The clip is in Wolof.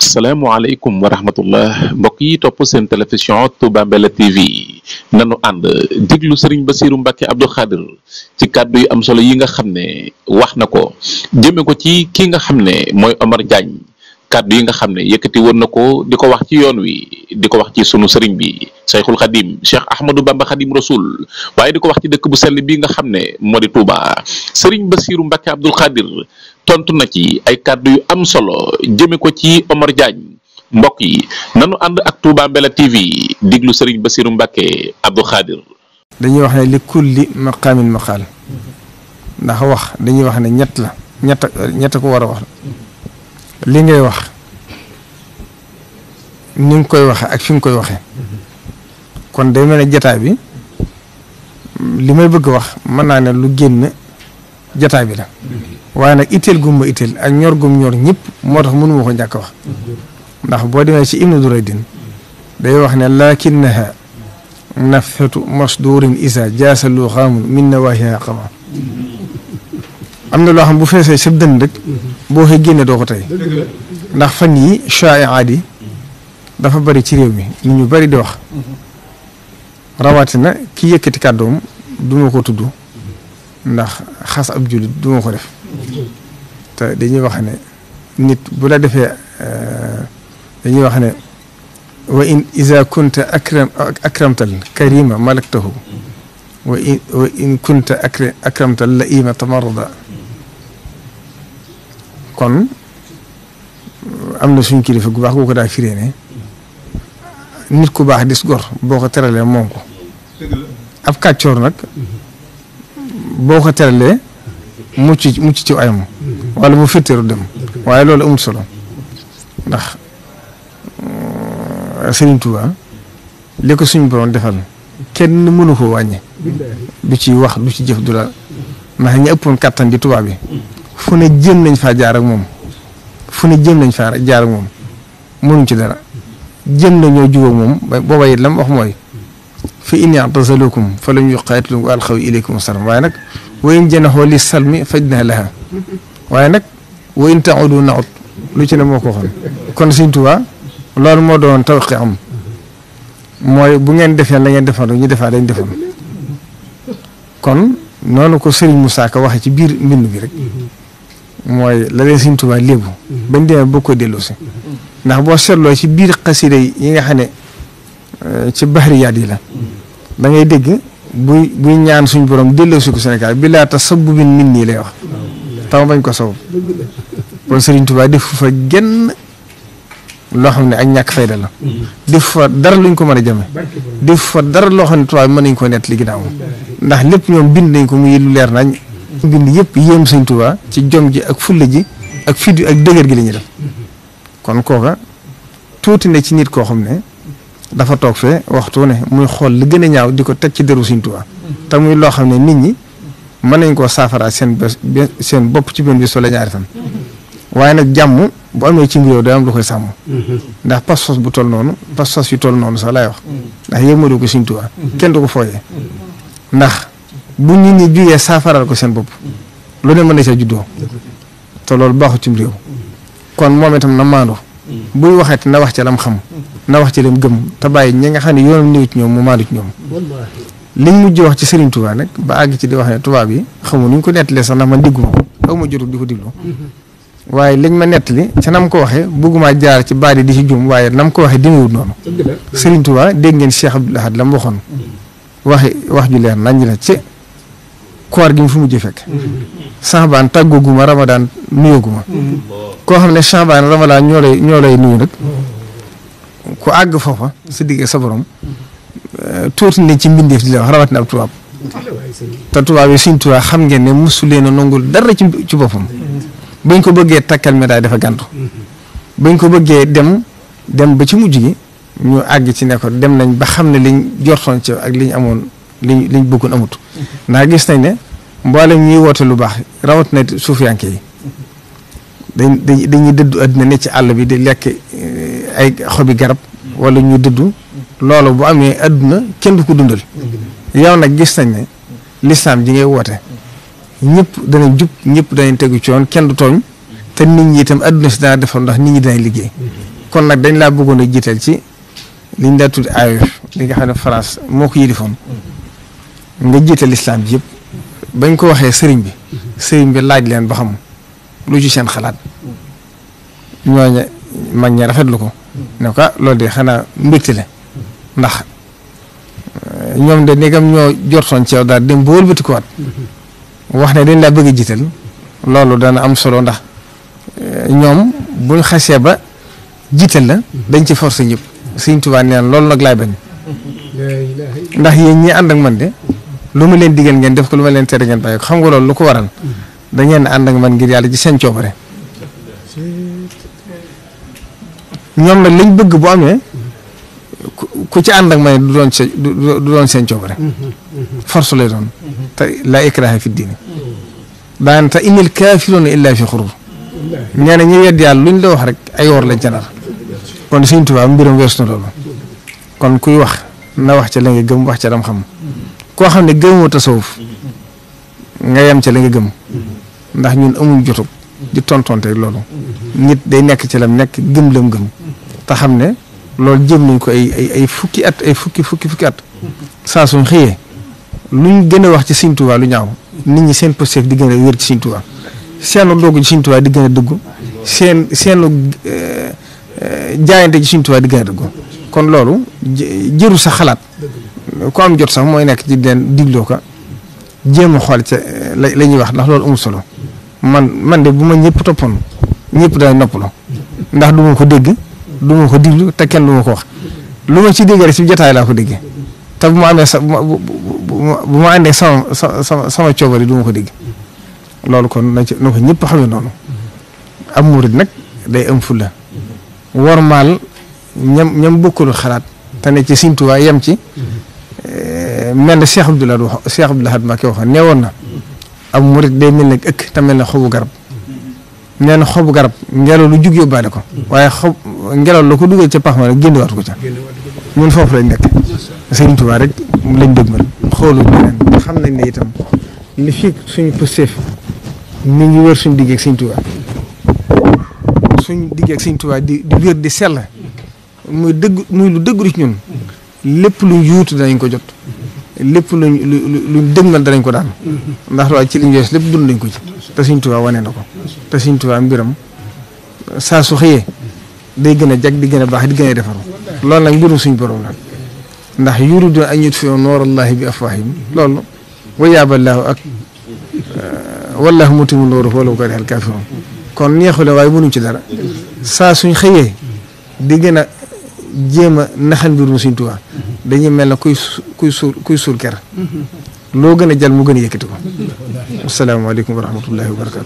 Assalamualaikum warahmatullahi mbokk yi topp seen télévision Touba Mbella TV nanu ànd déglu Serigne Bassirou Mbacké Abdou Khadir ci kàddu yu am solo yi nga xam ne ko jëme ko ci ki nga xam ne Omar Diagne kaddu yi nga xamne yëkëti won nako diko di wax ci yoon wi di wax ci sunu sëriñ bi cheikhul Khadim cheikh ahmadou bamba Khadim rasul waye di wax ci dëkk bu sell bi nga xamne modi Touba sëriñ basiru mbacke abdul Khadir, tontu na ci ay kaddu yu am solo jëme ko ci omar diagne mbokk yi nanu and ak Touba Mbella tv diglu sëriñ basiru mbacke abdul Khadir. dañuy wax ne li kulli maqamin maqal ndax wax dañuy wax ne ñett la ñett ñett ko wara wax li ngay wax ni nga koy waxee ak fi nga koy waxee kon day mel ne jataa bi li may bëgg wax mën naa ne lu génn jataa bi la waaye nag itteel gum ma itteel ak ñor gum ñor ñëpp moo tax mënuma ko ñàkk wax ndax boo demee ci ibnu din day wax ne lakinnaha nafatu masdurin isa jaasalu xaamun min nawahiha xama am na loo xam bu feesee sab dënn rek boo koy génne doo ko tey ndax fan yi choix aadi dafa bari ci réew mi nit ñu bari di wax rawatina ki yëkkati kàddoom duma ko tudd ndax xas ab jullit duma ko def te dañuy wax ne nit bu la defee eh, dañuy wax ne wa in iza kunta akram akramtal karima malaktahu wa in kunta akramtal la ima tamarada kon am na suñu kilifa gu baax gu ko daa firee ne nit ku baax dis gor boo ko teralee moom ko ab kàccoor nag boo ko teralee mucc mucc ci ayam walla mu fetteeru dem waaye loolu amul solo ndax euh, Sëriñ Tuubaa li ko suñu defal kenn mënu ko wàññi du ci wax du ci jëf du la ndax ñi ëppoon kàttan di tubaab bi fu ne jëm nañ faa jaar ak moom fu ne jéem nañ faa jaar ak moom mënuñ ci dara jéem nañoo jubóog moom booba it lam wax mooy fa in ya'tazilukum fa lam yuqaatilukum wa alqaw ilaykum salaam waaye nag wa in salmi fajnah laha waaye nag wa in ta'udu na'ud lu ci ne moo ko waxoon kon Sëñ Tuubaa loolu moo doon tawqi am mooy bu ngeen defee la ngeen defoon ñu defaa dañ defoon kon noonu ko Serigne Moussa Ka waxee ci biir mbindu bi rek mooy la leen Sëriñ Tuubaa léebu bañ demee boo ko delloosi ndax boo seetloo ci biir xasida yi nga xam ne euh, ci bahriyaat yi la da ngay dégg buy buy ñaan suñ borom delloosi ko Sénégal bi laa tasabubin nit ñi lay wax tam bañ ko sabab kon Sëriñ Tuubaa defu fa genn loo xam ne ak ñàkk fayda la def fa dara luñ ko mën a jame def fa dara loo xam ne tubaab mën nañ ko nett li ginnaaw ko muy lu leer nañ ku bind yëpp yéem sëñ Tuubaa ci jom ji ak fulla ji ak fit ak dëgër gi la ñuy def kon kooka tuuti na ci nit koo xam ne dafa toog fee waxtu ne muy xool li gën a ñaaw di ko teg ci deru sëñ Tuubaa te muy loo xam ne nit ñi mën nañ koo saafara seen seen bopp ci benn bi soo la ñaari fan waaye nag jàmm bu amee ci mbir de am lu koy sàmm ndax pas-pas bu toll noonu pas-pas yu toll noonu sax laay wax ndax yéen ma ko sëñ Tuubaa kenn du ko fooyee ndax bu nit ñi jugee saafaral ko seen bopp lu ne mën na cee juddoo te loolu baaxut ci réew kon moom itam na maandu buy waxati na wax ci lam xam na wax ci lam gëm te bàyyi ñi nga xam ne yoonam néew ci ñoom mu maandu ci ñoom liñ mujj wax ci Serigne Touba nag ba àgg ci di wax ne tubaab yi xamul nu ñu ko nettalee sax na man diggu ma aw ma jotul di ko diglu mm-hmm. waaye liñ ma nettali ca nam ko waxee bëgguma jaar ci baadi di ci jum waaye nam ko waxee demewut noonu Serigne Touba dégg ngeen Cheikh Abdoul Ahad la mu waxoon mm-hmm. waxi wax ju leer nañ la ci koor gi mu fu mujj fekk. Saxbaan tàggoogu ma Ramadan nuyoogu ma. koo xam ne Saxbaan Ramadan ñoo lay ñoo lay nuyu nag. ku àgg foofa sa digg sa borom. Eh, tuuti ne ci mbindeef di la wax rawatina ab tubaab. te tubaab yi suñ tubaab xam ngeen ne mosu leen a dara ci ci boppam. bañ ko bëggee takkal médaille dafa gàntu. bañ ko bëggee dem dem ba ci mujj gi ñu àgg ci ne ko dem nañ ba xam ne liñ jortoon ci ak liñ amoon. liñ liñ bëggoon amut. ndax gis nañ ne mboolem ñuy woote lu baax rawat na suufiyanke yi dañ dañuy dëddu àddina ne ci àll bi di lekk eh, ay xobi garab wala ñu dëddu loolu bu amee àdduna kenn du ko dundal yow nag gis nañ ne lislaam ji ngay woote ñëpp danañ jub ñëpp danañ tegu ci yoon kenn du tooñ te nit ñi itam àdduna si dana defar ndax nit ñi danañ liggéey kon nag dañ laa bëggoon a jiiteel ci liñ daa tudd AOF li nga xam ne France moo ko yilifoon nga jiital lislaam bi yëpp bañ ko waxee sëriñ bi sëriñ bi laaj leen ba xam lu ci seen xalaat ñooñu mag ñi rafetlu ko ne ah, loolu de xanaa mbégte la ndax eh, ñoom de néegam ñoo jortoon ceew daal di dem ba wëlbati ko wat wax ne dañ laa bëgg a jiital loolu dana am solo ndax eh, ñoom buñ xasee ba jiital la dañ ci force ñëpp Sëriñ Tuubaa nee loolu nag laay bañ ndax yéen ñi ànd ak man de lu ma leen digal ngeen def ko lu ma leen tere ngeen bàyyi ko xam nga loolu lu ko waral mm-hmm. da ngeen ànd ak man ngir yàlla ci seen coobare ñoom nag liñ bëgg bu ku ci ànd ak man du doon seen du doon seen coobare mm-hmm. force lay doon mm-hmm. te laa ikraha fi diini daan te innal kaafiruuna illaa fi xurur nee na ñu wedd yàlla luñ la wax rek ay wor lañ ca nar kon Sëñ Tuubaa mbiram weesu na loolu kon kuy wax na wax ca la nga gëm wax ca dam xam koo xam ne gëmoo tasawuf nga yem ca la nga gëm ndax ñun amuñ jotug di tontonte loolu nit day nekk ci lam nekk gëm lam gëm te xam ne loolu jëm nañ ko ay ay ay fukki at ay fukki fukki fukki at saa suñ xëyee luñ gën a wax ci Sëñ Tuubaa lu ñaaw nit ñi seen postef di gën a wér ci Sëñ Tuubaa seenu doogu ci Sëñ Tuubaa di gën a dëggu seen seenu eh, eh, jaayante ci Sëñ Tuubaa di gën a dëggu kon loolu jëru sa xalaat ko am jot sax mooy nekk ci den digloo ko jéem a xool ca la ñuy wax ndax loolu amul solo man man de bu ma ñëpp toppoon ñëpp day noppaloo ndax du ma ko dégg du ma ko diglu te kenn du ma ko wax lu ma ci dégga rek si jotaay laa ko déggee te bu ma amee sa bu ma bu ma àndee sama sama sama ma ko dégg loolu kon na ci na ko ñëpp xamee noonu am murid nag day am fulla wormaal ñam ñam bokkul xalaat te ne ci Sëñ yam ci. Eh, mel na Cheikh Abdoulaye wax Cheikh Abdoulaye Mbacke waxoon nee woon na ab murit day mel ne ëkk te mel ne xobu garab nee na xobu garab ngelaw lu jug yóbbaale ko waaye xob ngelaw la ko dugal ca pax ma rek génnewaat ko ca ñun foofu lañ nekk Serigne Touba rek lañ dëgmal xoolu beneen xam nañ ne itam li fi suñu pësteef mi ngi wër suñu digg ak Serigne Touba suñu digg ak Serigne Touba di di wér di sell muy dëgg muy lu dëggu ci ñun. lépp luñ yuutu danañ ko jot lépp luñ luñ dëgmal danañ ko daan ndax waaye ci liñ wees lépp dund nañ ko ci te Sëriñ Tuubaa wane na ko te Sëriñ Tuubaa mbiram saa su xëyee day gën a jag di gën a baax di gën a defaru loolu nag mbirum suñ borom la ndax yuriduuna an yutfi'u nuurallaahi bi afwaahihim loolu wa yaaballaahu ak euh, wallaahu mutimmu nuurihi walaw karihal kaafiruun kon neexule waaye mënuñ ci dara saa suñ xëyee di gën a jéem a naxal mbirum Sëriñ Tuubaa dañuy mel ne kuy kuy suur kuy suur ker loo gën a jal mu gën a yëkkati ko. asalaamaaleykum wa rahmatullahi wa barakatu.